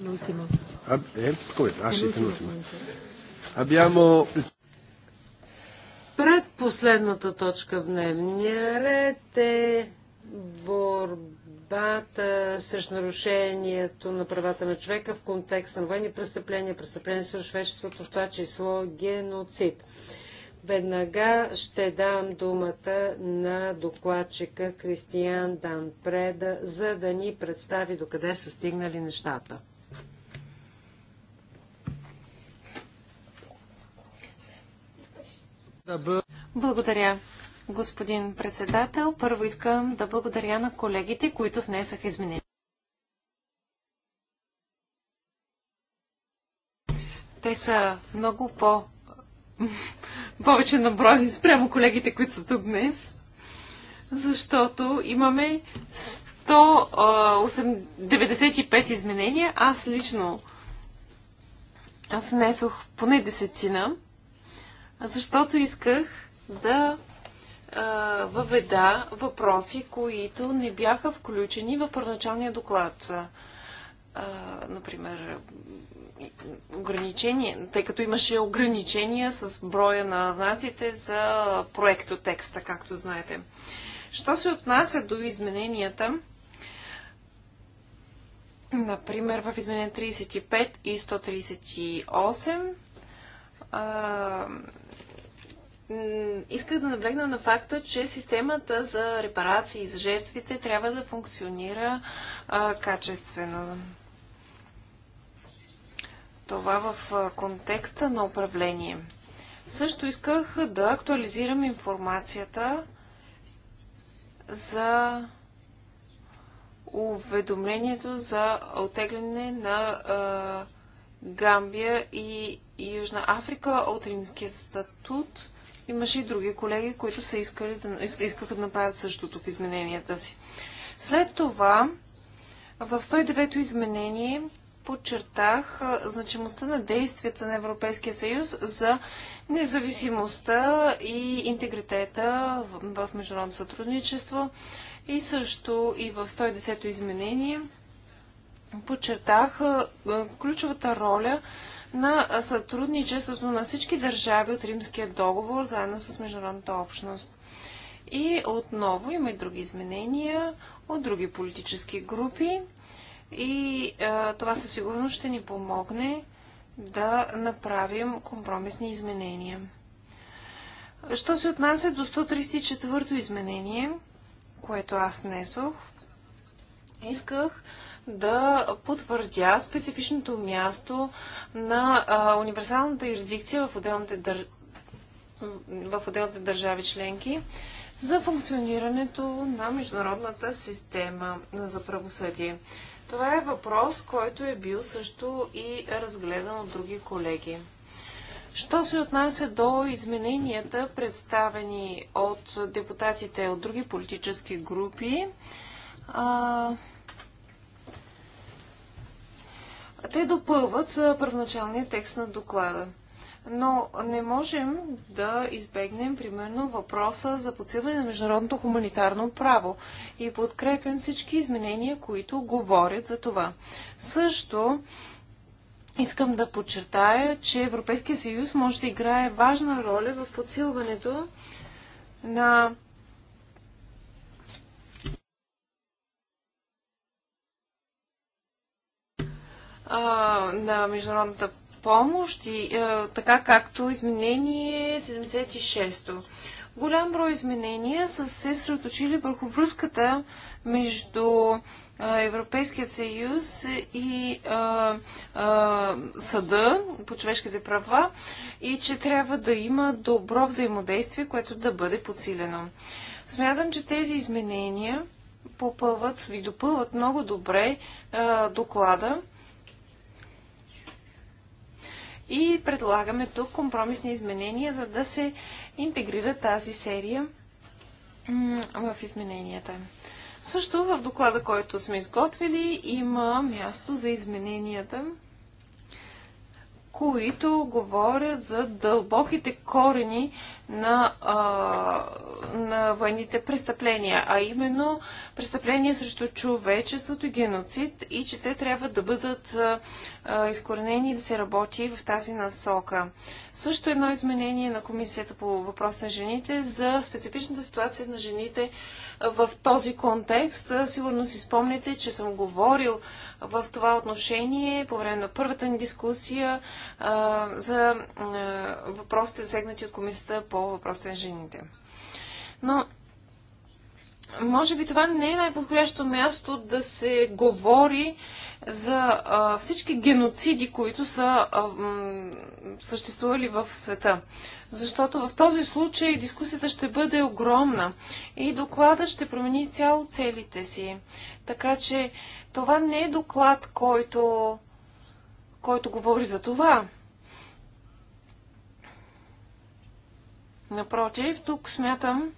L'ultimo. Ah, eh? Come? Ah, sì, Abbiamo... Предпоследната точка в дневния ред е борбата срещу нарушението на правата на човека в контекст на военни престъпления, престъпления срещу човечеството, в това число геноцид. Веднага ще дам думата на докладчика Кристиян Дан Преда, за да ни представи докъде са стигнали нещата. Благодаря, господин председател. Първо искам да благодаря на колегите, които внесах изменения. Те са много по... повече на брой спрямо колегите, които са тук днес, защото имаме 195 изменения. Аз лично внесох поне десетина защото исках да въведа въпроси, които не бяха включени в първоначалния доклад. А, например, ограничение, тъй като имаше ограничения с броя на знаците за проектотекста, както знаете. Що се отнася до измененията, например в изменение 35 и 138, исках да наблегна на факта, че системата за репарации за жертвите трябва да функционира а, качествено. Това в контекста на управление. Също исках да актуализирам информацията за уведомлението за отегляне на а, Гамбия и и Южна Африка от римският статут. Имаше и други колеги, които са искали да, искаха да направят същото в измененията си. След това, в 109-то изменение подчертах значимостта на действията на Европейския съюз за независимостта и интегритета в, в международно сътрудничество и също и в 110-то изменение подчертах ключовата роля на сътрудничеството на всички държави от Римския договор, заедно с международната общност. И отново има и други изменения от други политически групи. И а, това със сигурност ще ни помогне да направим компромисни изменения. Що се отнася до 134-то изменение, което аз внесох, исках да потвърдя специфичното място на а, универсалната юрисдикция в отделните, дър... в отделните държави членки за функционирането на международната система за правосъдие. Това е въпрос, който е бил също и разгледан от други колеги. Що се отнася до измененията, представени от депутатите от други политически групи, а, Те допълват първоначалния текст на доклада. Но не можем да избегнем, примерно, въпроса за подсилване на международното хуманитарно право и подкрепям всички изменения, които говорят за това. Също искам да подчертая, че Европейския съюз може да играе важна роля в подсилването на а, на международната помощ, и, а, така както изменение 76-то. Голям брой изменения са се средоточили върху връзката между Европейският съюз и а, а, съда по човешките права и че трябва да има добро взаимодействие, което да бъде подсилено. Смятам, че тези изменения попълват и допълват много добре а, доклада и предлагаме тук компромисни изменения, за да се интегрира тази серия в измененията. Също в доклада, който сме изготвили, има място за измененията които говорят за дълбоките корени на, а, на военните престъпления, а именно престъпления срещу човечеството и геноцид и че те трябва да бъдат а, изкоренени и да се работи в тази насока. Също едно изменение на Комисията по въпрос на жените за специфичната ситуация на жените в този контекст. Сигурно си спомните, че съм говорил в това отношение по време на първата ни дискусия за въпросите, засегнати от комисията по въпросите на жените. Но може би това не е най-подходящо място да се говори за всички геноциди, които са съществували в света. Защото в този случай дискусията ще бъде огромна и докладът ще промени цяло целите си. Така че това не е доклад, който, който говори за това. Напротив, тук смятам,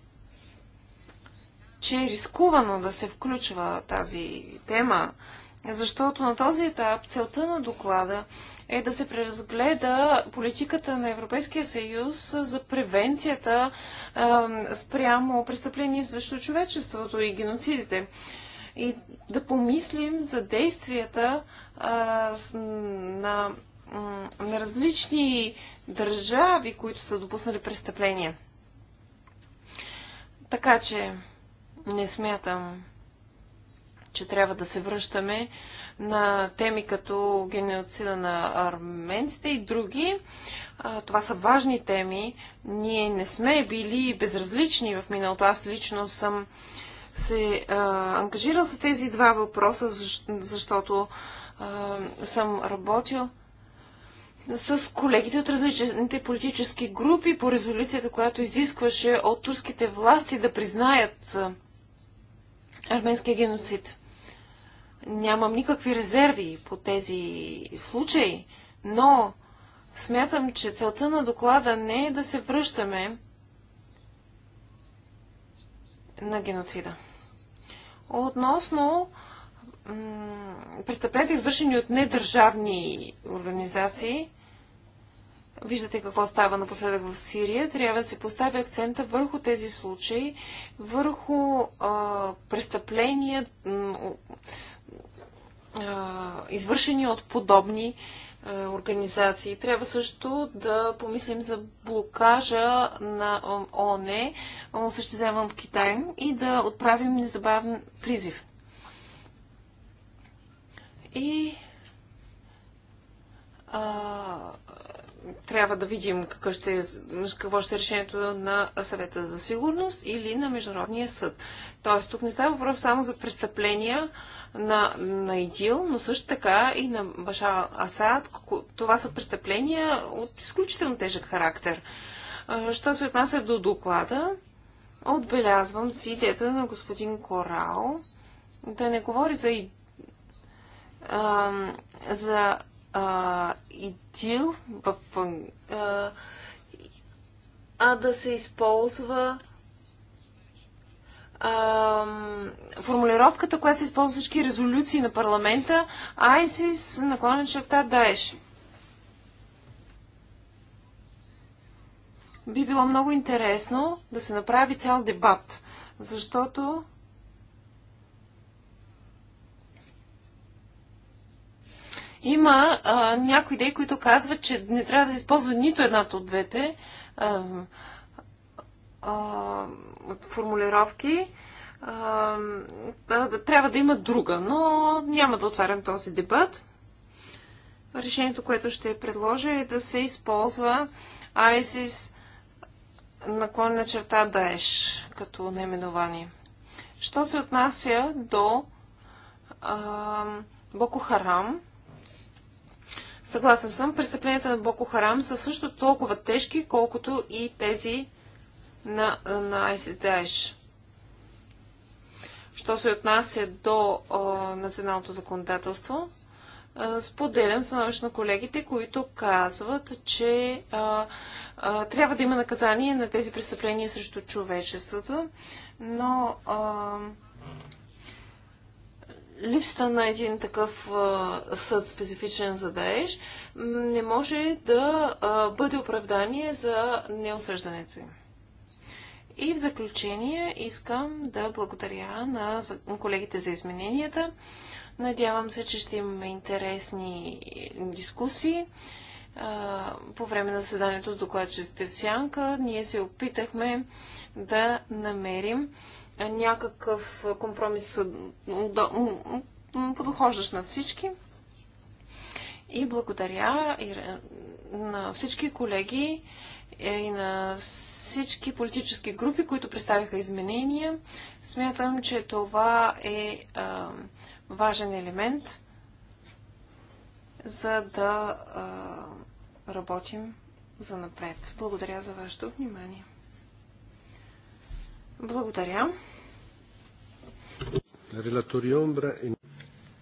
че е рискувано да се включва тази тема, защото на този етап целта на доклада е да се преразгледа политиката на Европейския съюз за превенцията е, спрямо престъпления срещу човечеството и геноцидите и да помислим за действията а, с, на, на различни държави, които са допуснали престъпления. Така че не смятам, че трябва да се връщаме на теми като геноцида на арменците и други. това са важни теми. Ние не сме били безразлични в миналото. Аз лично съм се а, ангажирал с тези два въпроса, защото а, съм работил с колегите от различните политически групи по резолюцията, която изискваше от турските власти да признаят арменския геноцид. Нямам никакви резерви по тези случаи, но смятам, че целта на доклада не е да се връщаме на геноцида. Относно престъпленията, извършени от недържавни организации, виждате какво става напоследък в Сирия, трябва да се постави акцента върху тези случаи, върху а, престъпления, а, извършени от подобни е, организации. Трябва също да помислим за блокажа на ОНЕ, осъществяван от Китай, и да отправим незабавен призив. И а, трябва да видим какъв ще, е, какво ще е решението на съвета за сигурност или на Международния съд. Тоест, тук не става въпрос само за престъпления, на, на ИДИЛ, но също така и на Баша Асад. Това са престъпления от изключително тежък характер. Що се отнася до доклада, отбелязвам си идеята на господин Корал да не говори за, а, за а, ИДИЛ в а, а да се използва а, формулировката, която се използва всички резолюции на парламента, ISIS наклонен черта Даеш. Би било много интересно да се направи цял дебат, защото има а, някои идеи, които казват, че не трябва да се използва нито едната от двете. А, а, формулировки трябва да има друга, но няма да отварям този дебат. Решението, което ще предложа е да се използва ISIS на черта ДАЕШ като наименование. Що се отнася до а, Боко Харам, съгласен съм, престъпленията на Боко Харам са също толкова тежки, колкото и тези на, на Що се отнася до а, националното законодателство, а, споделям становище на колегите, които казват, че а, а, трябва да има наказание на тези престъпления срещу човечеството, но а, липсата на един такъв а, съд, специфичен за Даеш, не може да а, бъде оправдание за неосъждането им. И в заключение искам да благодаря на колегите за измененията. Надявам се, че ще имаме интересни дискусии по време на заседанието с докладчиците в Сянка. Ние се опитахме да намерим някакъв компромис, подхождащ на всички. И благодаря и на всички колеги е, и на всички политически групи, които представиха изменения. Смятам, че това е а, важен елемент, за да а, работим за напред. Благодаря за вашето внимание. Благодаря.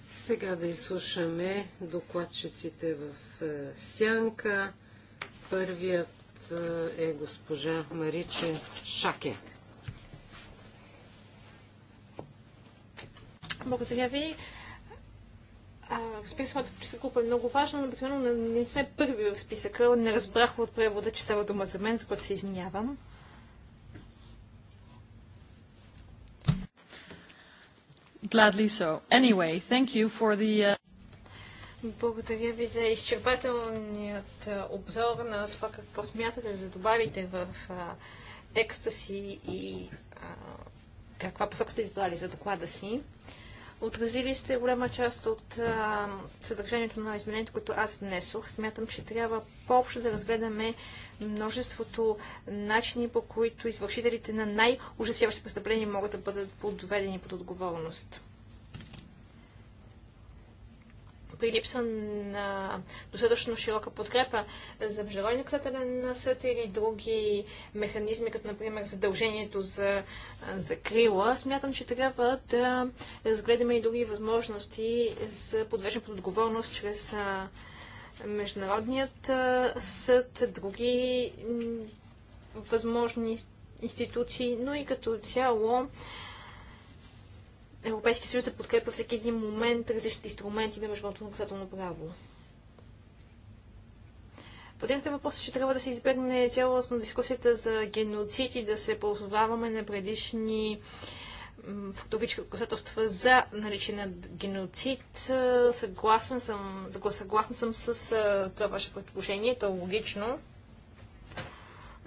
Сега да изслушаме докладчиците в е, сянка. Първият е госпожа Мариче Шаке. Благодаря ви. Разбира се, моята група е много важно, но обикновено не сме първи в списъка. Не разбрах от превода, че става дума за мен, с което се изминявам. Gladly so. Anyway, thank you for the... Uh... Благодаря ви за изчерпателният обзор на това какво смятате да добавите в а, текста си и а, каква посока сте избрали за доклада си. Отразили сте голяма част от а, съдържанието на изменението, което аз внесох. Смятам, че трябва по-общо да разгледаме множеството начини, по които извършителите на най-ужасяващи престъпления могат да бъдат подведени под отговорност при липса на достатъчно широка подкрепа за Международен наказателен съд или други механизми, като например задължението за закрила, смятам, че трябва да разгледаме и други възможности за подвеждане под отговорност чрез Международният съд, други възможни институции, но и като цяло Европейския съюз да подкрепя всеки един момент различните инструменти на международното наказателно право. един въпрос, ще трябва да се избегне цялостно дискусията за геноцид и да се ползваваме на предишни фактологически доказателства за наличие на геноцид. Съгласен съм, съгласен съм с това ваше предположение. то е логично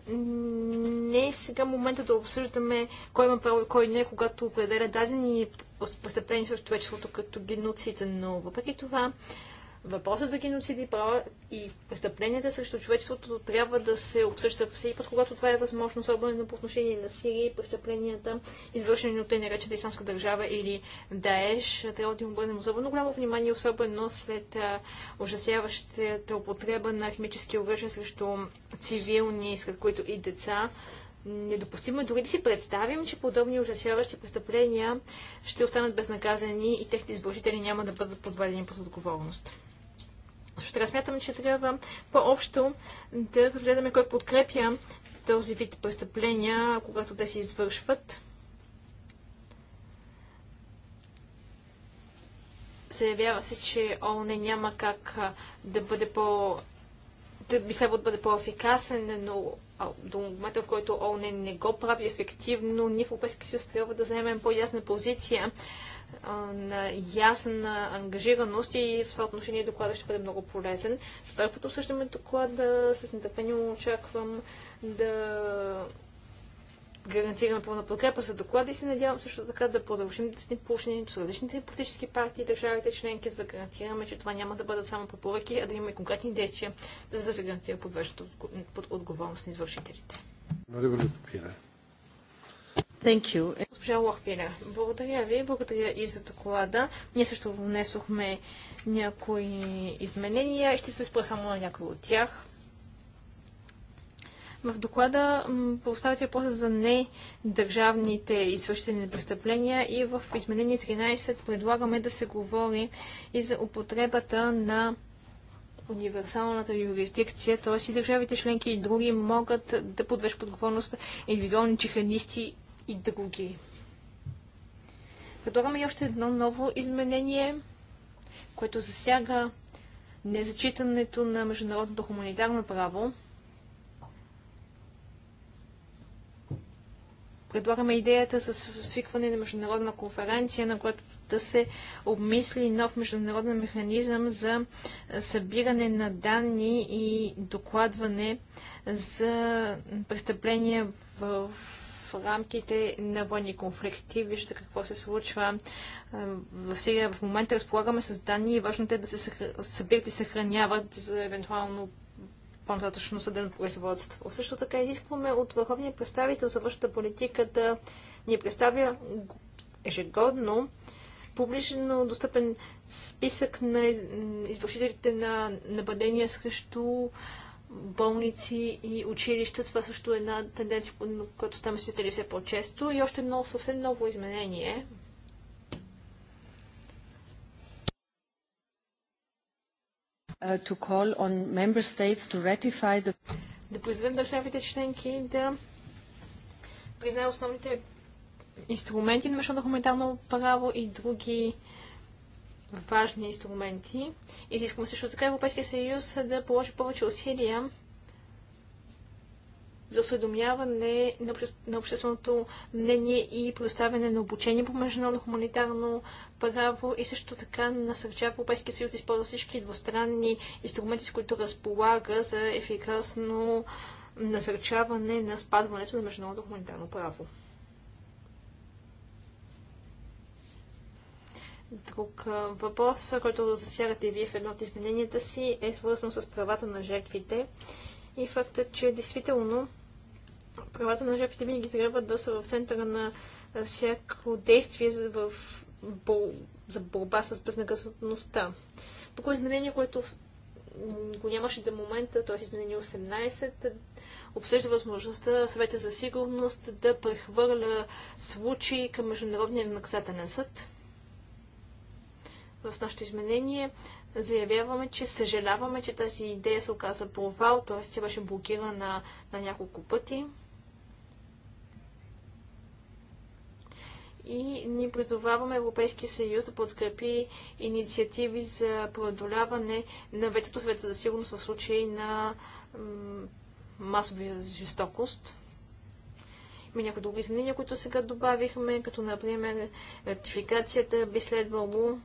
не е сега момента да обсъждаме кой има право и кой не, когато определя дадени престъпления срещу човечеството като геноцид, но въпреки това Въпросът за геноциди права и престъпленията срещу човечеството трябва да се обсъжда всеки път, когато това е възможно, особено по отношение на Сирия и престъпленията, извършени от тъй наречената Исламска държава или Даеш. Трябва да им обърнем особено голямо внимание, особено след ужасяващата употреба на химически оръжия срещу цивилни, сред които и деца недопустимо е дори да си представим, че подобни ужасяващи престъпления ще останат безнаказани и техните извършители няма да бъдат подведени под отговорност. Също така смятам, че трябва по-общо да разгледаме кой подкрепя този вид престъпления, когато те се извършват. Заявява се, че ООН няма как да бъде по... да би следва да бъде по-ефикасен, но до момента, в който ООН не го прави ефективно, ние в Европейския съюз трябва да вземем по-ясна позиция на ясна ангажираност и в това отношение доклада ще бъде много полезен. С това път обсъждаме доклада, с нетърпение очаквам да гарантираме пълна подкрепа за доклада и се надявам също така да продължим да сме положението с различните политически партии и държавите членки, за да гарантираме, че това няма да бъдат само препоръки, а да имаме конкретни действия, за да се гарантира подвеждането под отговорност на извършителите. Благодаря. Thank you. Госпожа Лохпиля, благодаря ви, благодаря и за доклада. Ние също внесохме някои изменения и ще се спра само на някои от тях. В доклада поставяте въпроса за недържавните извършители на престъпления и в изменение 13 предлагаме да се говори и за употребата на универсалната юрисдикция, т.е. и държавите членки и други могат да подвеждат отговорност индивидуални чиханисти и други. Предлагаме и още едно ново изменение, което засяга незачитането на международното хуманитарно право. Предлагаме идеята с свикване на международна конференция, на която да се обмисли нов международен механизъм за събиране на данни и докладване за престъпления в рамките на военни конфликти. Виждате какво се случва в Сирия. В момента разполагаме с данни и е важно те да се събират и съхраняват за евентуално по-нататъчно съден производство. Също така изискваме от върховния представител за вършата политика да ни представя ежегодно публично достъпен списък на извършителите на нападения срещу болници и училища. Това също е една тенденция, която ставаме свидетели все по-често. И още едно съвсем ново изменение. Uh, to call on member states to ratify the... Да призовем държавите членки да признаят основните инструменти на международно хуманитарно право и други uh, важни инструменти. Изискваме също така Европейския съюз да положи повече усилия за осведомяване на, на общественото мнение и предоставяне на обучение по международно хуманитарно право и също така насърчава Европейския съюз да използва всички двустранни инструменти, с които разполага за ефикасно насърчаване на спазването на международно хуманитарно право. Друг въпрос, който засягате и вие в едно от измененията си, е свързан с правата на жертвите и факта, че действително правата на жертвите винаги трябва да са в центъра на всяко действие в бол... за борба с безнаказаността. Тук изменение, което го нямаше до момента, т.е. изменение 18, обсъжда възможността съвета за сигурност да прехвърля случаи към Международния наказателен съд в нашето изменение заявяваме, че съжаляваме, че тази идея се оказа провал, т.е. тя беше блокирана на няколко пъти. И ни призоваваме Европейския съюз да подкрепи инициативи за преодоляване на ветото света за сигурност в случай на масови жестокост. Има някои други изменения, които сега добавихме, като например ратификацията би следвало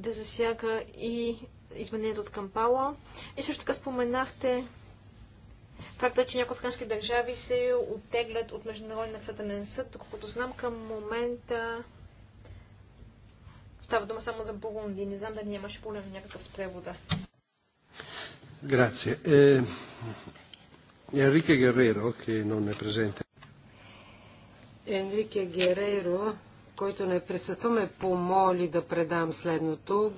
да засяга и изменението от Кампала. И също така споменахте факта, че някои африкански държави се оттеглят от Международния наказателен съд, доколкото знам към момента става дума само за Бурунди. Не знам дали нямаше проблем някакъв с превода. Grazie. Eh, Enrique Guerrero, che non è presente. Enrique Guerrero който не присъстваме, помоли да предам следното.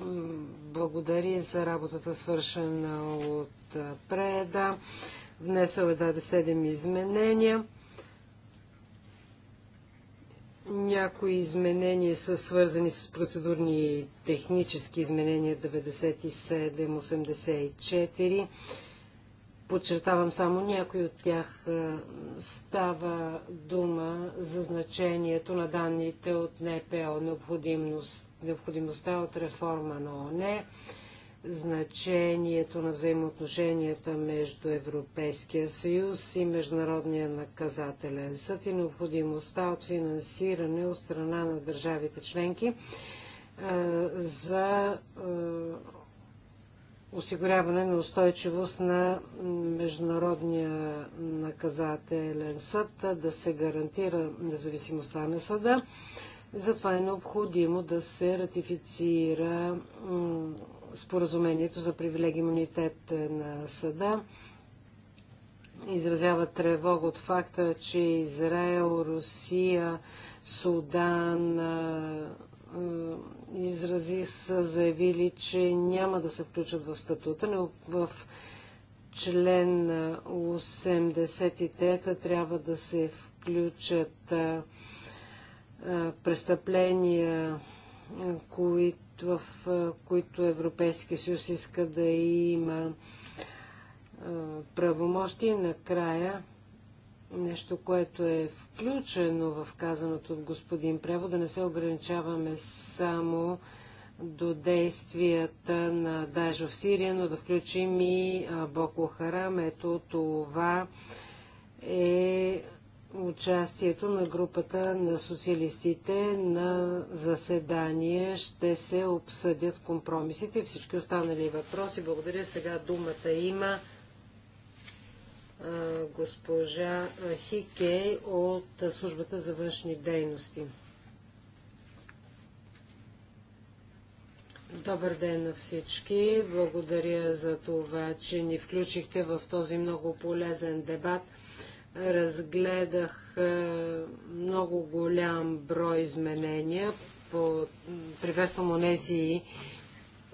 Благодари за работата свършена от преда. Внесъл е 27 изменения. Някои изменения са свързани с процедурни и технически изменения 97-84 подчертавам само някои от тях, е, става дума за значението на данните от НПО, необходимост, необходимостта от реформа на ОНЕ, значението на взаимоотношенията между Европейския съюз и Международния наказателен съд и необходимостта от финансиране от страна на държавите членки е, за е, осигуряване на устойчивост на Международния наказателен съд, да се гарантира независимостта на съда. Затова е необходимо да се ратифицира споразумението за привилеги имунитет на съда. Изразява тревога от факта, че Израел, Русия, Судан, изрази са заявили, че няма да се включат в статута, но в член 83 трябва да се включат престъпления, в които Европейския съюз иска да има правомощи. Накрая нещо, което е включено в казаното от господин Прево, да не се ограничаваме само до действията на Дажо в Сирия, но да включим и Боко Харам. Ето това е участието на групата на социалистите на заседание. Ще се обсъдят компромисите и всички останали въпроси. Благодаря. Сега думата има госпожа Хикей от службата за външни дейности. Добър ден на всички. Благодаря за това, че ни включихте в този много полезен дебат. Разгледах много голям брой изменения. По... Приветствам онези,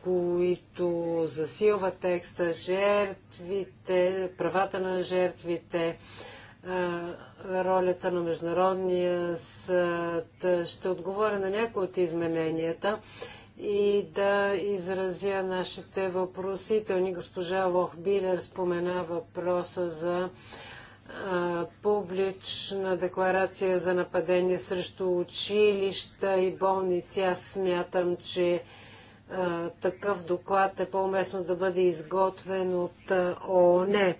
които засилват текста, жертвите, правата на жертвите, ролята на Международния съд. Ще отговоря на някои от измененията и да изразя нашите въпросителни. Госпожа Лохбилер спомена въпроса за публична декларация за нападение срещу училища и болници. Аз смятам, че такъв доклад е по-уместно да бъде изготвен от ООН.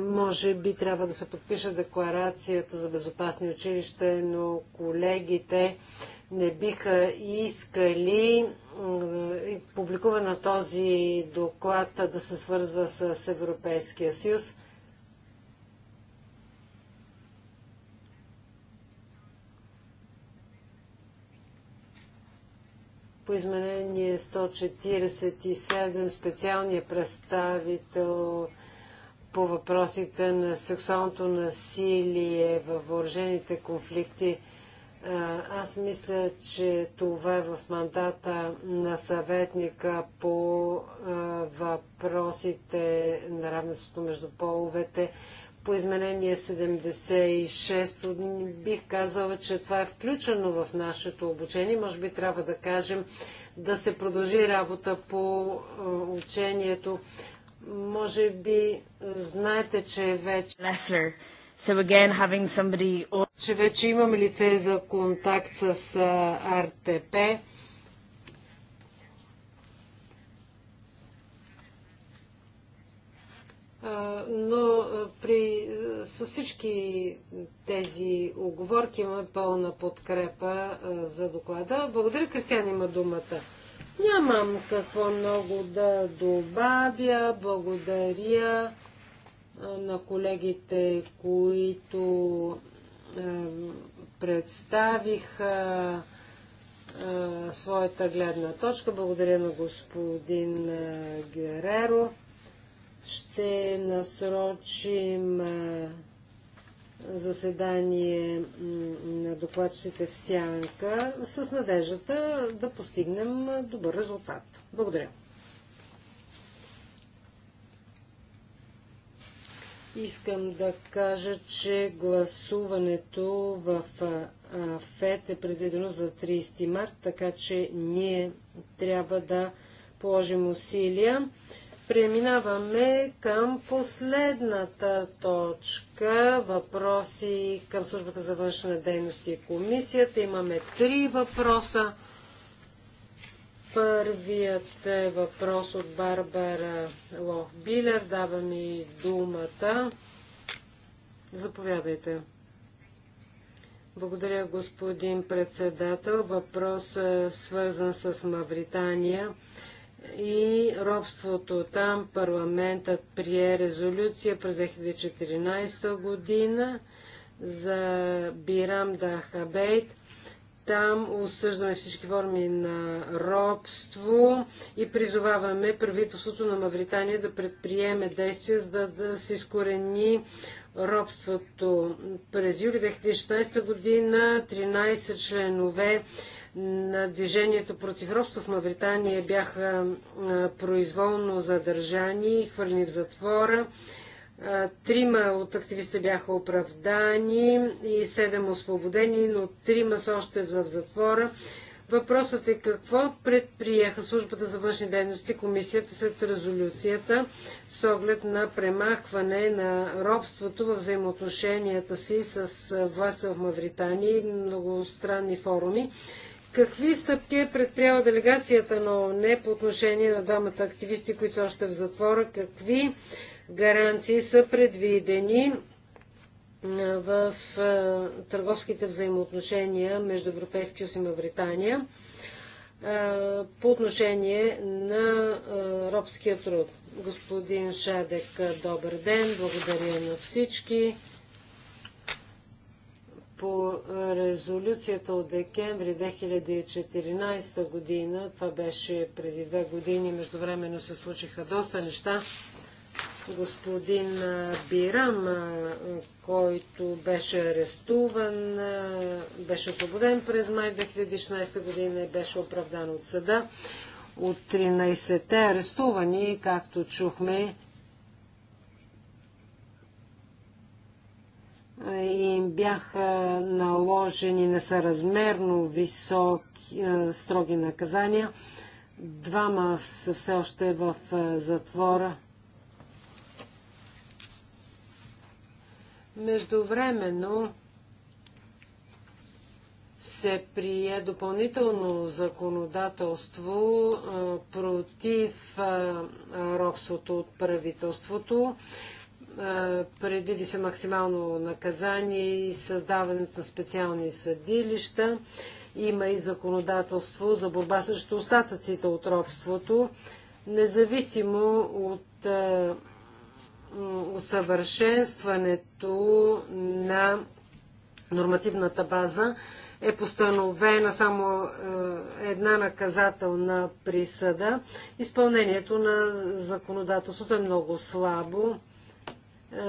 Може би трябва да се подпише декларацията за безопасни училища, но колегите не биха искали публикуване на този доклад да се свързва с Европейския съюз. по изменение 147 специалния представител по въпросите на сексуалното насилие във въоръжените конфликти. Аз мисля, че това е в мандата на съветника по въпросите на равенството между половете, по изменение 76 бих казала, че това е включено в нашето обучение. Може би трябва да кажем да се продължи работа по е, учението. Може би е, знаете, че вече... So again, having somebody... че вече имаме лице за контакт с е, РТП. но при, със всички тези оговорки имаме пълна подкрепа за доклада. Благодаря, Кристиан има думата. Нямам какво много да добавя. Благодаря на колегите, които представиха своята гледна точка. Благодаря на господин Гереро ще насрочим заседание на докладчите в Сянка с надеждата да постигнем добър резултат. Благодаря. Искам да кажа, че гласуването в ФЕД е предвидено за 30 март, така че ние трябва да положим усилия Преминаваме към последната точка. Въпроси към службата за външна дейност и комисията. Имаме три въпроса. Първият е въпрос от Барбара Лохбилер. Дава ми думата. Заповядайте. Благодаря, господин председател. Въпрос е свързан с Мавритания и робството. Там парламентът прие резолюция през 2014 година за Бирам Дахабейт. Там осъждаме всички форми на робство и призоваваме правителството на Мавритания да предприеме действия, за да, да се изкорени робството. През юли 2016 година 13 членове на движението против робство в Мавритания бяха произволно задържани и хвърлени в затвора. Трима от активистите бяха оправдани и седем освободени, но трима са още в затвора. Въпросът е какво предприеха службата за външни дейности комисията след резолюцията с оглед на премахване на робството в взаимоотношенията си с властта в Мавритания и многостранни форуми Какви стъпки е предприяла делегацията на ООН по отношение на двамата активисти, които са още в затвора? Какви гаранции са предвидени в търговските взаимоотношения между Европейския съюз и Мавритания по отношение на робския труд? Господин Шадек, добър ден, благодаря на всички по е, резолюцията от декември 2014 година, това беше преди две години, междувременно се случиха доста неща, господин е, Бирам, е, който беше арестуван, беше освободен през май 2016 година и беше оправдан от съда. От 13-те арестувани, както чухме, им бяха наложени несъразмерно високи, е, строги наказания. Двама са все още е в е, затвора. Междувременно се прие допълнително законодателство против робството от правителството. Е, предвиди се максимално наказание и създаването на специални съдилища. Има и законодателство за борба срещу остатъците от робството, независимо от е, усъвършенстването на нормативната база е постановена само е, една наказателна присъда. Изпълнението на законодателството е много слабо. Е,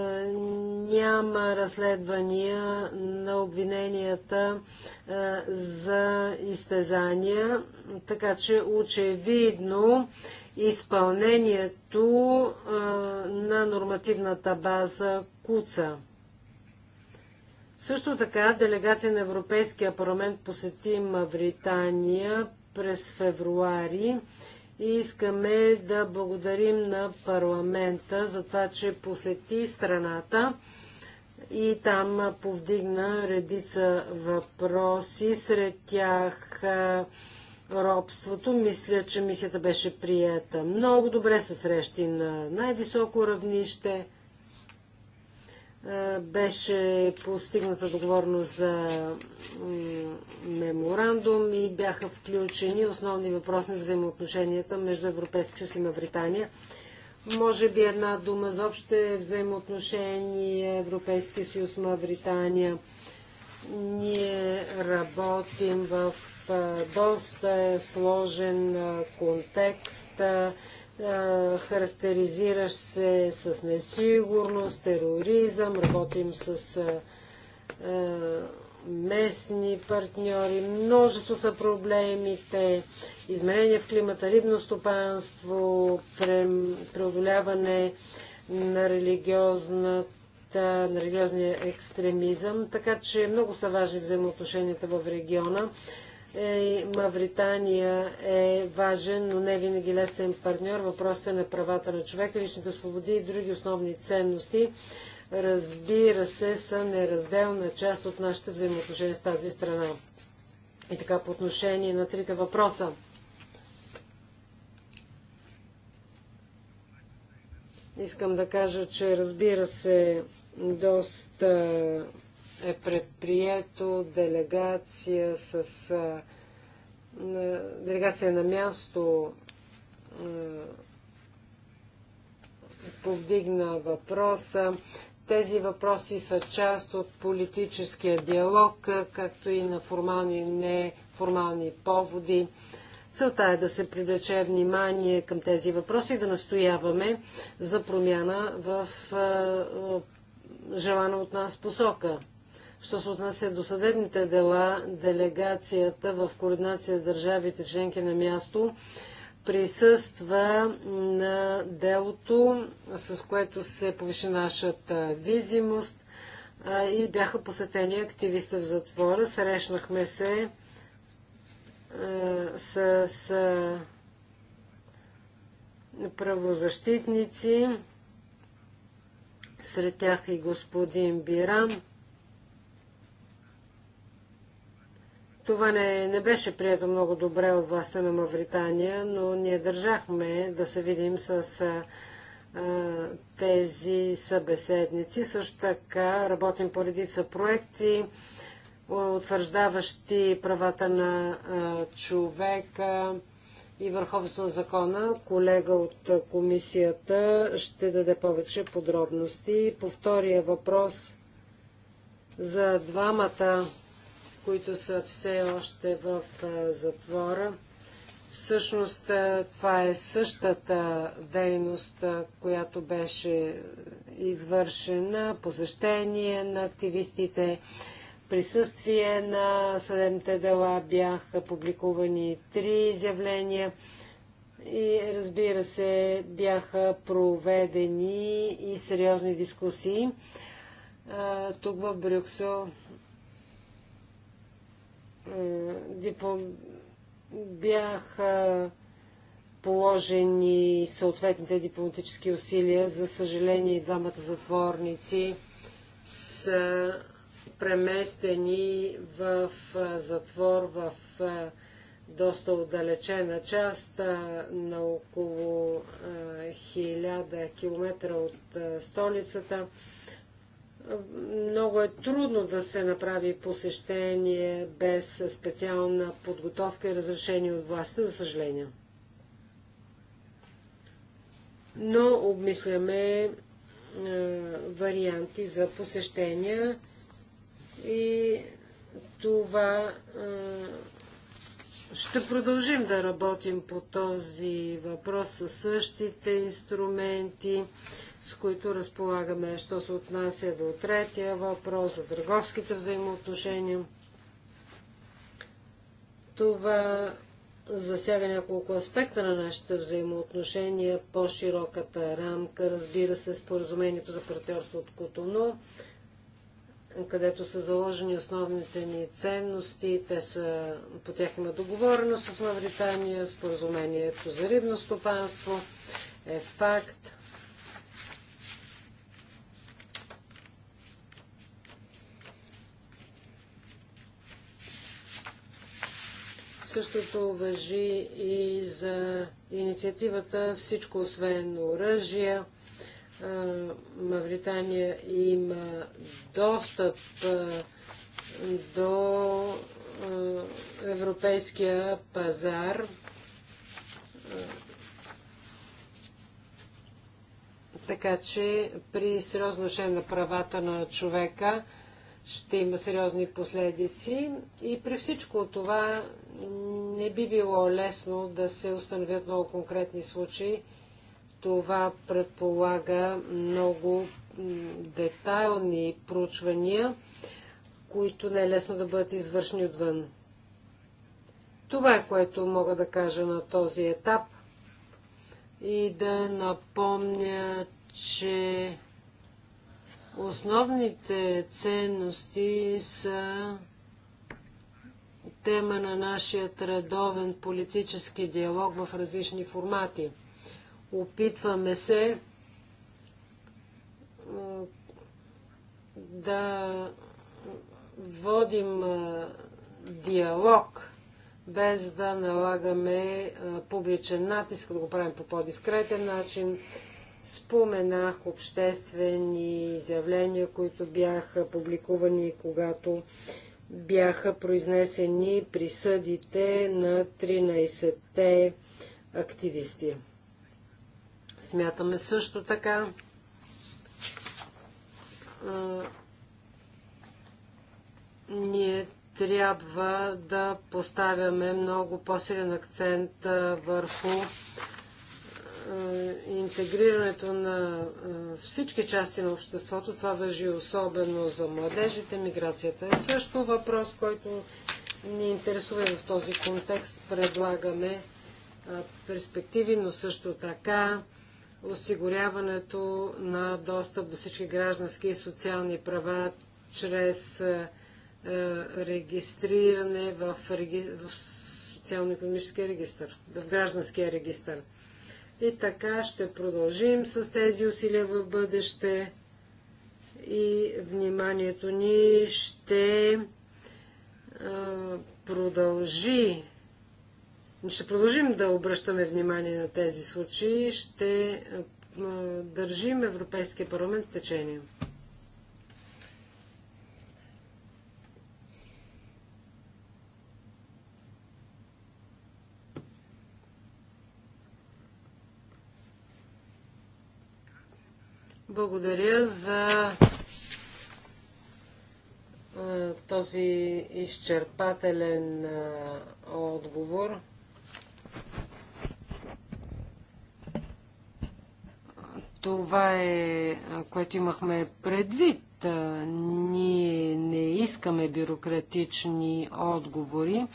няма разследвания на обвиненията е, за изтезания, така че очевидно изпълнението е, на нормативната база куца. Също така делегация на Европейския парламент посети Мавритания през февруари и искаме да благодарим на парламента за това, че посети страната и там повдигна редица въпроси, сред тях робството. Мисля, че мисията беше приета много добре се срещи на най-високо равнище. Е, беше постигната договорност за меморандум и бяха включени основни въпросни на взаимоотношенията между Европейския съюз и Мавритания. Може би една дума за общите взаимоотношения Европейския съюз Мавритания. Ние работим в е, доста сложен е, контекст характеризиращ се с несигурност, тероризъм, работим с местни партньори, множество са проблемите, изменения в климата, рибно стопанство, преодоляване на религиозната на религиозния екстремизъм, така че много са важни взаимоотношенията в региона. Е, Мавритания е важен, но не винаги лесен партньор. Въпросът е на правата на човека, личните свободи и други основни ценности, разбира се, са неразделна част от нашите взаимоотношения с тази страна. И така по отношение на трите въпроса. Искам да кажа, че разбира се, доста е предприето делегация с делегация на място повдигна въпроса. Тези въпроси са част от политическия диалог, както и на формални и неформални поводи. Целта е да се привлече внимание към тези въпроси и да настояваме за промяна в желана от нас посока. Що се отнася до съдебните дела, делегацията в координация с държавите членки на място присъства на делото, с което се повиши нашата визимост и бяха посетени активисти в затвора. Срещнахме се с, с правозащитници, сред тях и господин Бирам. Това не, не беше прието много добре от властта на Мавритания, но ние държахме да се видим с а, тези събеседници. Също така работим по редица проекти, утвърждаващи правата на а, човека и върховство на закона. Колега от комисията ще даде повече подробности. По втория въпрос за двамата които са все още в затвора. Всъщност това е същата дейност, която беше извършена, посещение на активистите, присъствие на съдебните дела, бяха публикувани три изявления и разбира се бяха проведени и сериозни дискусии тук в Брюксел бяха положени съответните дипломатически усилия. За съжаление, двамата затворници са преместени в затвор в доста отдалечена част на около 1000 км от столицата. Много е трудно да се направи посещение без специална подготовка и разрешение от властта, за съжаление. Но обмисляме е, варианти за посещения и това е, ще продължим да работим по този въпрос със същите инструменти, с които разполагаме, що се отнася до третия въпрос за търговските взаимоотношения. Това засяга няколко аспекта на нашите взаимоотношения, по-широката рамка, разбира се, споразумението за партньорство от Котоно, където са заложени основните ни ценности. Те са, по тях има договорено с Мавритания, споразумението за рибно стопанство е факт. Същото въжи и за инициативата Всичко освен оръжия. Мавритания има достъп до европейския пазар. Така че при сериозно на правата на човека ще има сериозни последици. И при всичко това не би било лесно да се установят много конкретни случаи. Това предполага много детайлни проучвания, които не е лесно да бъдат извършени отвън. Това е което мога да кажа на този етап и да напомня, че Основните ценности са тема на нашия редовен политически диалог в различни формати. Опитваме се е, да водим е, диалог, без да налагаме е, публичен натиск, да го правим по по-дискретен начин, Споменах обществени изявления, които бяха публикувани, когато бяха произнесени присъдите на 13-те активисти. Смятаме също така, а, ние трябва да поставяме много по-силен акцент а, върху интегрирането на всички части на обществото. Това въжи особено за младежите. Миграцията е също въпрос, който ни интересува и в този контекст. Предлагаме перспективи, но също така осигуряването на достъп до всички граждански и социални права чрез регистриране в, реги... в социално-економическия регистр, в гражданския регистр. И така ще продължим с тези усилия в бъдеще и вниманието ни ще продължи. Ще продължим да обръщаме внимание на тези случаи. Ще държим Европейския парламент в течение. благодаря за този изчерпателен отговор. Това е, което имахме предвид. Ние не искаме бюрократични отговори,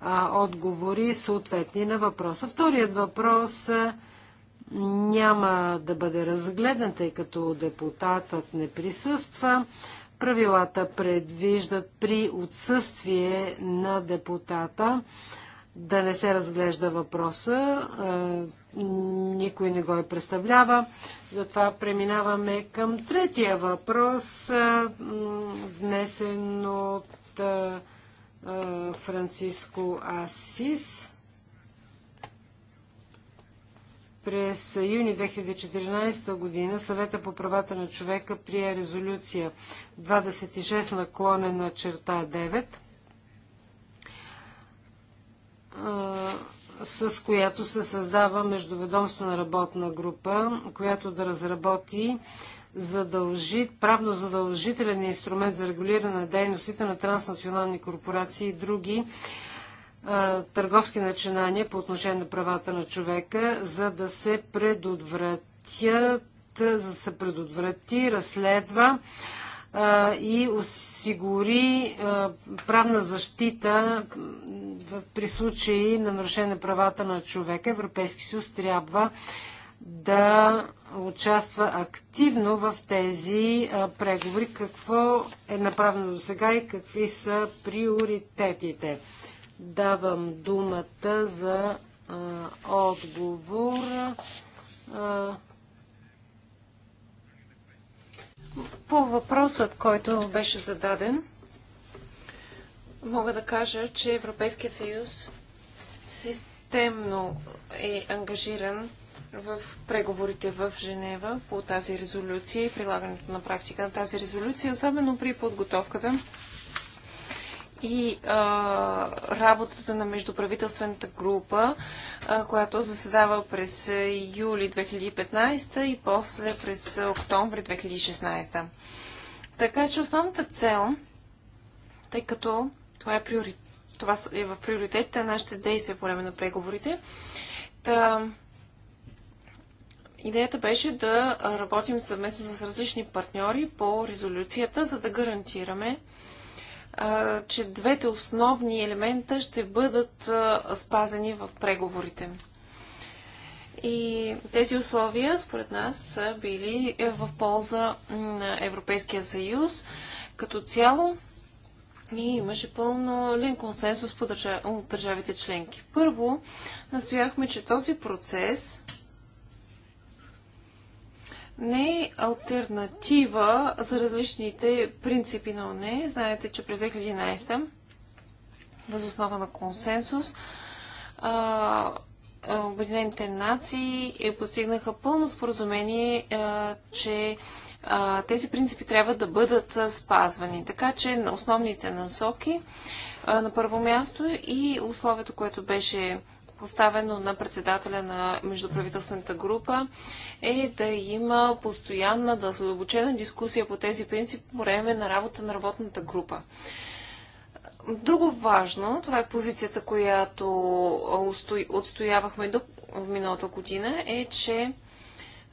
а отговори съответни на въпроса. Вторият въпрос е няма да бъде разгледан, тъй като депутатът не присъства. Правилата предвиждат при отсъствие на депутата да не се разглежда въпроса. Е, никой не го е представлява. Затова преминаваме към третия въпрос, е, внесен от е, Франциско Асис. През юни 2014 година съвета по правата на човека прие резолюция 26 на черта 9 с която се създава междуведомствена работна група, която да разработи задължит, правно задължителен инструмент за регулиране на дейностите на транснационални корпорации и други търговски начинания по отношение на правата на човека, за да се предотвратят, за да се предотврати, разследва и осигури правна защита при случаи на нарушение на правата на човека. Европейски съюз трябва да участва активно в тези преговори. Какво е направено до сега и какви са приоритетите? Давам думата за а, отговор. А, по въпросът, който беше зададен, мога да кажа, че Европейският съюз системно е ангажиран в преговорите в Женева по тази резолюция и прилагането на практика на тази резолюция, особено при подготовката и а, работата на междуправителствената група, а, която заседава през юли 2015 и после през октомври 2016. Така че основната цел, тъй като това е, приори... това е в приоритетите на нашите действия по време на преговорите, та... идеята беше да работим съвместно с различни партньори по резолюцията, за да гарантираме, че двете основни елемента ще бъдат спазени в преговорите. И тези условия, според нас, са били е, в полза на Европейския съюз като цяло и имаше пълно лин консенсус от държавите членки. Първо, настояхме, че този процес не е альтернатива за различните принципи на ОНЕ. Знаете, че през 2011 възоснова на консенсус Обединените нации е постигнаха пълно споразумение, че тези принципи трябва да бъдат спазвани. Така че основните насоки на първо място и условието, което беше поставено на председателя на междуправителствената група, е да има постоянна, да задълбочена дискусия по тези принципи по време на работа на работната група. Друго важно, това е позицията, която отстоявахме до миналата година, е, че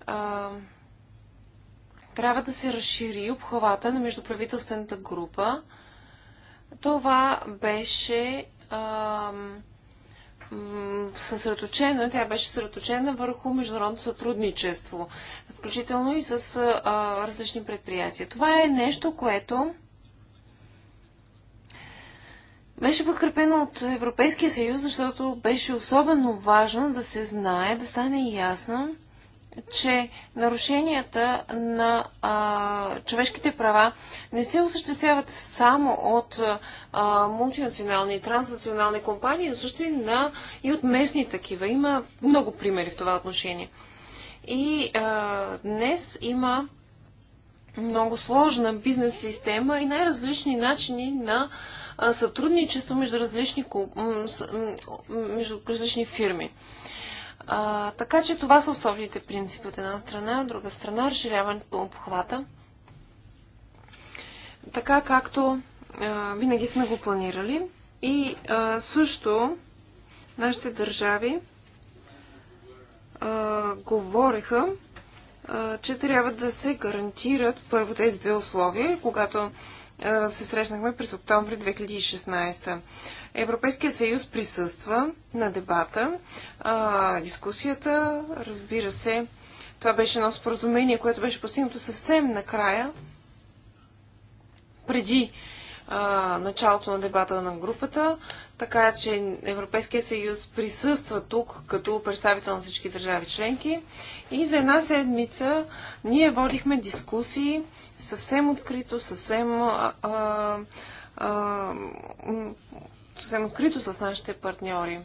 а, трябва да се разшири обхвата на междуправителствената група. Това беше а, съсредоточена, тя беше съсредоточена върху международно сътрудничество, включително и с а, различни предприятия. Това е нещо, което беше подкрепено от Европейския съюз, защото беше особено важно да се знае, да стане ясно, че нарушенията на а, човешките права не се осъществяват само от а, мултинационални и транснационални компании, но също и, на, и от местни такива. Има много примери в това отношение. И а, днес има много сложна бизнес система и най-различни начини на сътрудничество между различни, между различни фирми. А, така че това са основните принципи от една страна, от друга страна разширяването на обхвата. Така както а, винаги сме го планирали. И а, също нашите държави а, говореха, а, че трябва да се гарантират първо тези две условия, когато се срещнахме през октомври 2016. Европейския съюз присъства на дебата, дискусията, разбира се. Това беше едно споразумение, което беше постигнато съвсем накрая, преди началото на дебата на групата, така че Европейския съюз присъства тук като представител на всички държави членки. И за една седмица ние водихме дискусии съвсем открито, съвсем, а, а, съвсем открито с нашите партньори.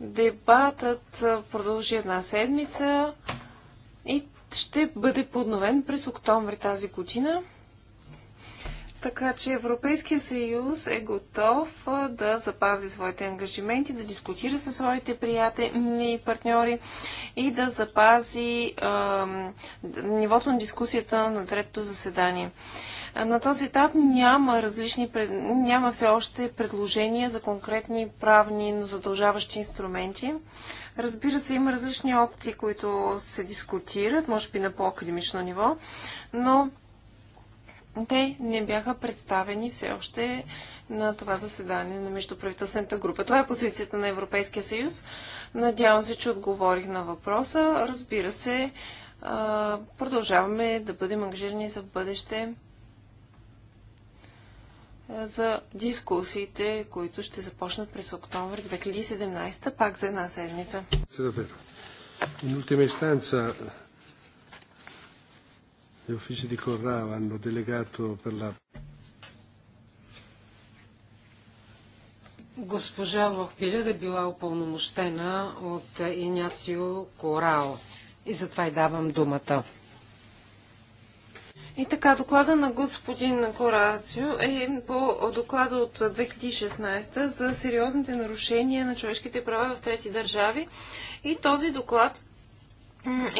Дебатът продължи една седмица и ще бъде подновен през октомври тази година. Така че Европейския съюз е готов да запази своите ангажименти, да дискутира със своите приятели и партньори и да запази е, нивото на дискусията на третото заседание. На този етап няма различни, няма все още предложения за конкретни правни, но задължаващи инструменти. Разбира се, има различни опции, които се дискутират, може би на по-академично ниво, но те не бяха представени все още на това заседание на междуправителствената група. Това е позицията на Европейския съюз. Надявам се, че отговорих на въпроса. Разбира се, продължаваме да бъдем ангажирани за бъдеще за дискусиите, които ще започнат през октомври 2017, пак за една седмица gli uffici di Corrao hanno delegato per la... Госпожа Лохпилер е била упълномощена от Иняцио Корао и затова й давам думата. И така, доклада на господин Корацио е по доклада от 2016 за сериозните нарушения на човешките права в трети държави. И този доклад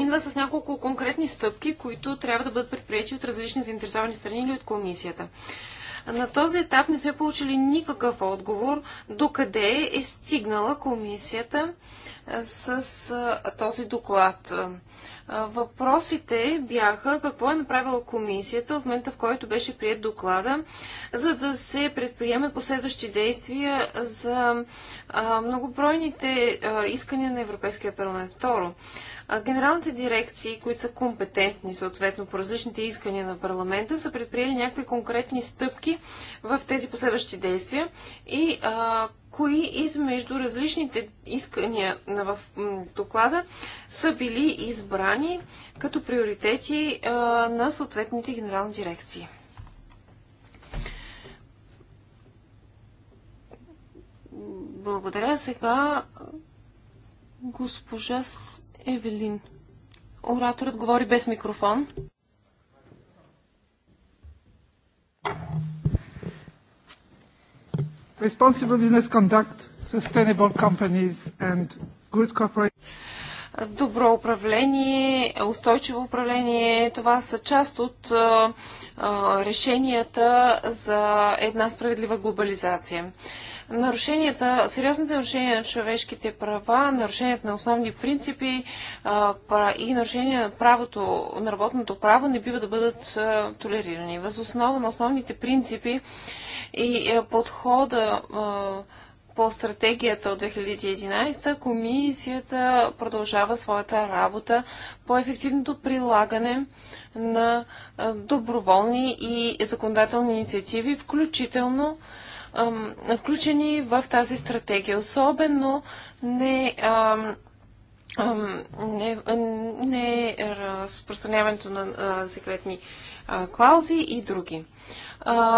идва с няколко конкретни стъпки, които трябва да бъдат предприяти от различни заинтересовани страни или от комисията. На този етап не сме получили никакъв отговор докъде е стигнала комисията с този доклад. Въпросите бяха какво е направила комисията от момента, в който беше прият доклада, за да се предприемат последващи действия за многобройните искания на Европейския парламент. Второ, Генералните дирекции, които са компетентни съответно по различните искания на парламента, са предприели някакви конкретни стъпки в тези последващи действия и а, кои измежду различните искания в доклада са били избрани като приоритети а, на съответните генерални дирекции. Благодаря сега госпожа Евелин. Ораторът говори без микрофон. Responsible business conduct, sustainable companies and good corporate добро управление, устойчиво управление. Това са част от а, решенията за една справедлива глобализация нарушенията, сериозните нарушения на човешките права, нарушенията на основни принципи и нарушения на правото, на работното право не бива да бъдат толерирани. Въз основа на основните принципи и е, подхода по стратегията от 2011 комисията продължава своята работа по ефективното прилагане на доброволни и законодателни инициативи, включително включени в тази стратегия. Особено не, не, не разпространяването на а, секретни а, клаузи и други.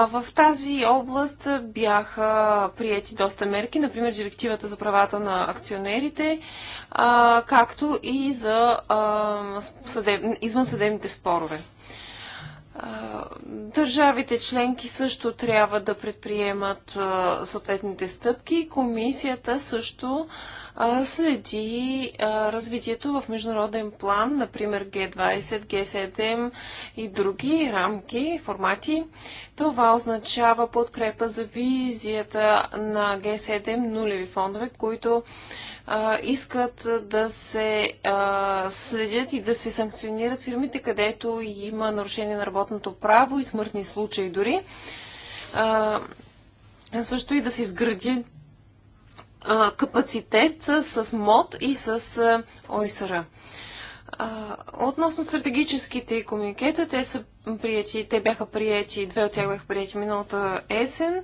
в тази област бяха прияти доста мерки, например директивата за правата на акционерите, както и за извънсъдебните спорове. Държавите членки също трябва да предприемат съответните стъпки. Комисията също следи развитието в международен план, например G20, G7 и други рамки, формати. Това означава подкрепа за визията на G7 нулеви фондове, които искат да се следят и да се санкционират фирмите, където има нарушение на работното право и смъртни случаи дори. също и да се изгради а, капацитет с МОД и с ОИСР. Относно стратегическите комуникета, те, са прияти, те бяха прияти, две от тях бяха прияти миналата есен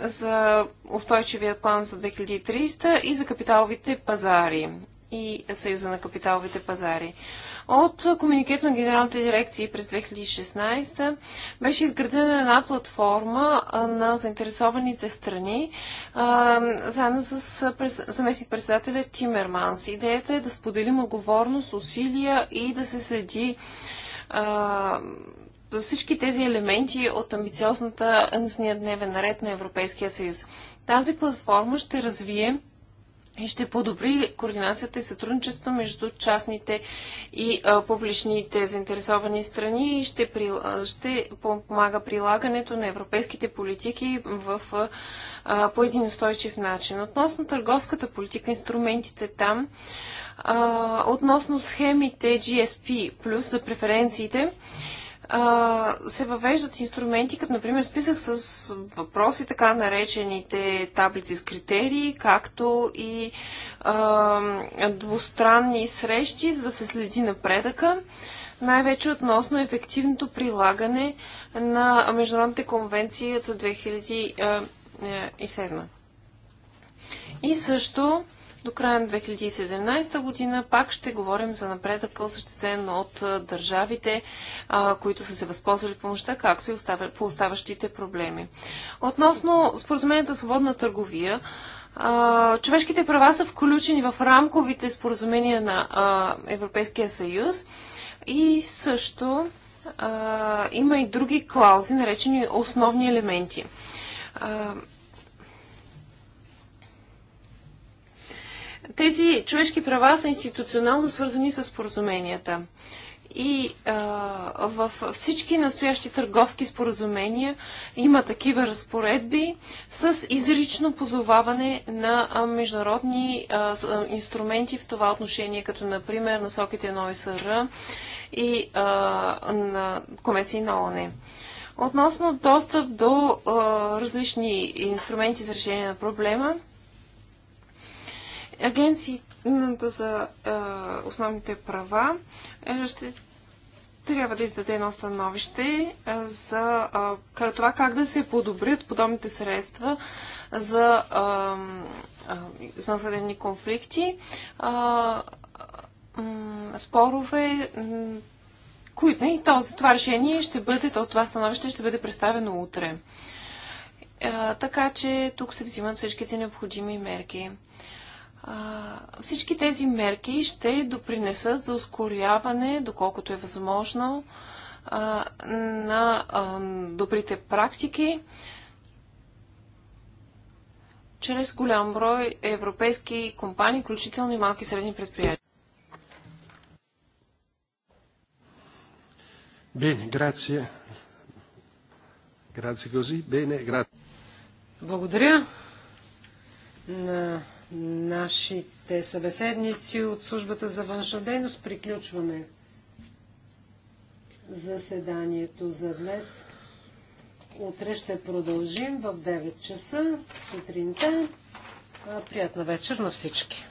за устойчивия план за 2300 и за капиталовите пазари и Съюза на капиталовите пазари. От комуникето на генералните дирекции през 2016 беше изградена една платформа на заинтересованите страни, заедно с заместник председателя Тимерманс. Идеята е да споделим отговорност, усилия и да се следи за всички тези елементи от амбициозната дневен наред на Европейския съюз. Тази платформа ще развие и ще подобри координацията и сътрудничество между частните и а, публичните заинтересовани страни и ще, при, ще помага прилагането на европейските политики в, а, по един устойчив начин. Относно търговската политика, инструментите там, а, относно схемите GSP плюс за преференциите, се въвеждат инструменти, като например списък с въпроси, така наречените таблици с критерии, както и а, двустранни срещи, за да се следи напредъка, най-вече относно ефективното прилагане на Международните конвенции от 2007. Е, и също до края на 2017 година пак ще говорим за напредъка, осъществен от държавите, а, които са се възползвали помощта, както и по оставащите проблеми. Относно споразумението за свободна търговия, а, човешките права са включени в рамковите споразумения на а, Европейския съюз и също има и други клаузи, наречени основни елементи. тези човешки права са институционално свързани с споразуменията. И а, във всички настоящи търговски споразумения има такива разпоредби с изрично позоваване на международни а, инструменти в това отношение, като например насоките на ОСР и а, на конвенции на ОНЕ. Относно достъп до а, различни инструменти за решение на проблема, Агенцията за основните права ще трябва да издаде едно становище за това как да се подобрят подобните средства за е, конфликти, спорове, които и този, това решение ще бъде, то, това становище ще бъде представено утре. Така че тук се взимат всичките необходими мерки всички тези мерки ще допринесат за ускоряване, доколкото е възможно, на добрите практики чрез голям брой европейски компании, включително и малки и средни предприятия. Bene, grazie. Grazie così. Bene, grazie. Благодаря на нашите събеседници от службата за външна дейност. Приключваме заседанието за днес. Утре ще продължим в 9 часа сутринта. Приятна вечер на всички!